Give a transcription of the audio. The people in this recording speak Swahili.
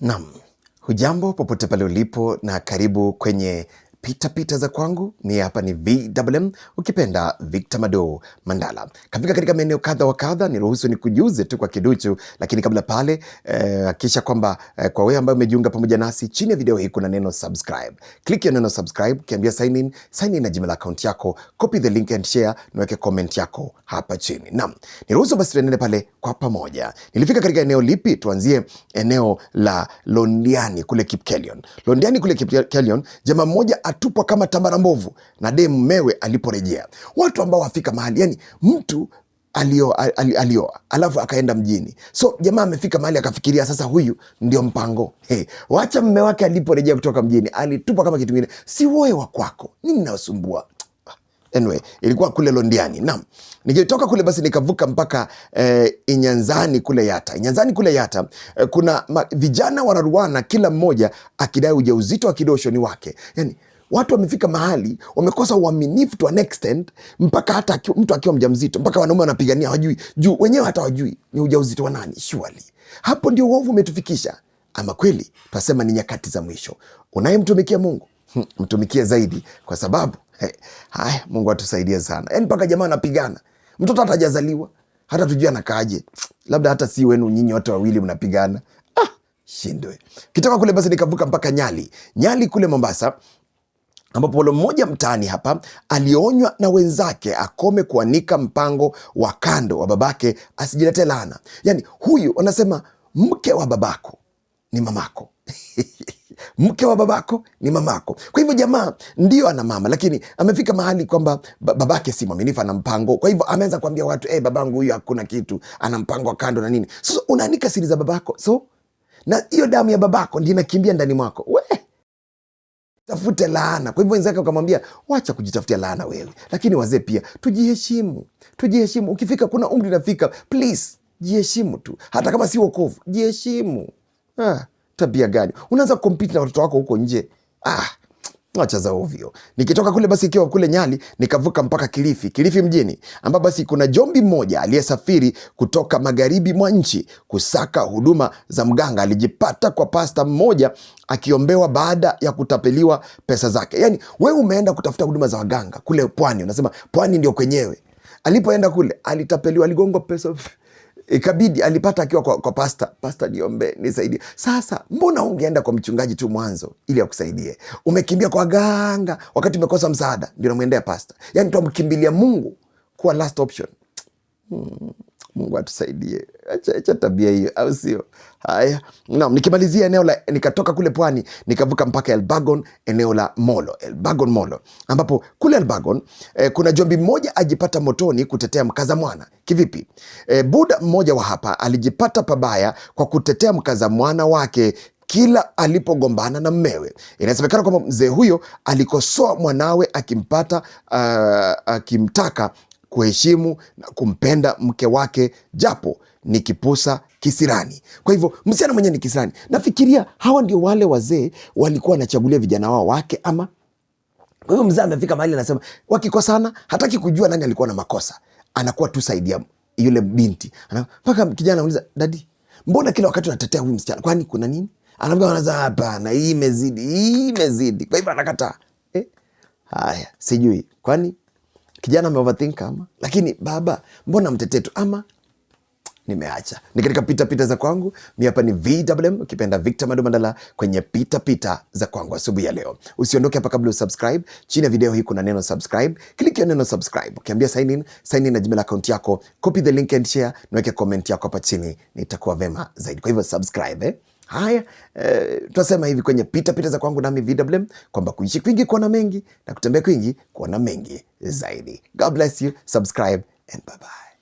Naam, hujambo popote pale ulipo na karibu kwenye pita pita za kwangu ni hapa ni VMM, ukipenda Victor Mado Mandala kafika katika maeneo kadha wa kadha. Niruhusu nikujuze tu kwa kiduchu, lakini kabla pale eh, hakikisha eh, kwamba eh, kwa wewe ambaye umejiunga pamoja nasi, chini ya video hii kuna neno subscribe, click ya neno subscribe, kiambia sign in, sign in na Gmail account yako, copy the link and share, niweke comment yako hapa chini. Naam, niruhusu basi tuendelee pale kwa pamoja. Nilifika katika eneo lipi? Tuanzie eneo la Londiani kule Kipkelion. Londiani kule Kipkelion, jamaa mmoja akatupwa kama tambara mbovu na de mmewe aliporejea. Watu ambao wafika mahali, yani mtu alioa alio, alafu akaenda mjini. So jamaa amefika mahali akafikiria sasa huyu ndio mpango. Hey, wacha mme wake aliporejea kutoka mjini alitupwa kama kitu kingine. Si wewe wa kwako. Nini nawasumbua? Anyway, ilikuwa kule Londiani. Naam. Nikitoka kule basi nikavuka mpaka eh, Inyanzani kule Yata. Inyanzani kule Yata eh, kuna ma, vijana wanaruana kila mmoja akidai ujauzito wa kidosho ni wake. yani, watu wamefika mahali wamekosa uaminifu to an extent, mpaka hata mtu akiwa mjamzito, mpaka wanaume wanapigania, wajui juu wenyewe hata wajui ni ujauzito wa nani. Surely hapo ndio uovu umetufikisha. Ama kweli twasema ni nyakati za mwisho. Unayemtumikia Mungu hm, mtumikie zaidi, kwa sababu eh, haya hey, Mungu atusaidie sana. Yani mpaka jamaa anapigana, mtoto hata hajazaliwa, hata tujui anakaaje, labda hata si wenu nyinyi wote wawili mnapigana ah, shindwe. Kitoka kule basi nikavuka mpaka Nyali. Nyali kule Mombasa ambapo polo mmoja mtaani hapa alionywa na wenzake akome kuanika mpango wa kando wa babake asijilete laana. Yani huyu anasema mke wa babako ni mamako mke wa babako ni mamako. Kwa hivyo jamaa ndio ana mama, lakini amefika mahali kwamba babake si mwaminifu, ana mpango. Kwa hivyo ameanza kuambia watu hey, eh, babangu huyu hakuna kitu, ana mpango wa kando na nini. Sasa so, unaanika siri za babako, so na hiyo damu ya babako ndio inakimbia ndani mwako we tafute laana. Kwa hivyo wenzake wakamwambia, wacha kujitafutia laana wewe. Lakini wazee pia tujiheshimu, tujiheshimu. Ukifika kuna umri nafika, please jiheshimu tu, hata kama si wokovu, jiheshimu. Ah, tabia gani unaanza kompiti na watoto wako huko nje? Ah, Wachaza ovyo. Nikitoka kule basi ikiwa kule Nyali nikavuka mpaka Kilifi, Kilifi mjini ambapo basi kuna jombi mmoja aliyesafiri kutoka magharibi mwa nchi kusaka huduma za mganga. Alijipata kwa pasta mmoja akiombewa baada ya kutapeliwa pesa zake. Yani wewe umeenda kutafuta huduma za waganga kule pwani, unasema pwani ndio kwenyewe. Alipoenda kule alitapeliwa, aligongwa pesa ikabidi alipata akiwa kwa, kwa pasta, pasta niombe nisaidie. Sasa mbona ungeenda kwa mchungaji tu mwanzo ili akusaidie? Umekimbia kwa ganga wakati umekosa msaada, ndio namwendea pasta. Yani twamkimbilia Mungu kuwa last option. Hmm, Mungu atusaidie acha tabia hiyo, au sio? Haya, naam, nikimalizia eneo la nikatoka kule pwani nikavuka mpaka Elbagon, eneo la Molo, Elbagon Molo, ambapo kule Elbagon eh, kuna jombi mmoja ajipata motoni kutetea mkaza mwana. Kivipi? Eh, buda mmoja wa hapa alijipata pabaya kwa kutetea mkaza mwana wake kila alipogombana na mmewe. Inasemekana kwamba mzee huyo alikosoa mwanawe akimpata, uh, akimtaka kuheshimu na kumpenda mke wake japo ni kipusa kisirani. Kwa hivyo msichana mwenyewe ni kisirani. Nafikiria hawa ndio wale wazee walikuwa wanachagulia vijana wao wake ama. Kwa hivyo mzee amefika mahali anasema wakikosana, hataki kujua nani alikuwa na makosa, anakuwa tu saidi ya yule binti mpaka kijana anauliza, dadi, mbona kila wakati unatetea huyu msichana, kwani kuna nini? Anaanza hapana, hii imezidi, hii imezidi. Kwa hivyo anakataa eh? Haya, sijui kwani kijana ameoverthink ama, lakini baba, mbona tu ama nimeacha ni katika pita pita za kwangu. Mi hapa ni vwm ukipenda Victor Madu kwenye pita pita za kwangu asubuhi ya leo. Usiondoke hapa kabla usubscribe. Chini ya video hii kuna neno subscribe, kliki neno subscribe, ukiambia sign in, sign in na Gmail akaunti yako, copy the link and share, niweke comment yako hapa chini, nitakuwa vema zaidi. Kwa hivyo subscribe eh? Haya eh, tunasema hivi kwenye pita pita za kwangu nami vwm kwamba kuishi kwingi kuona mengi na kutembea kwingi kuona mengi. zaidi. God bless you, subscribe and bye-bye.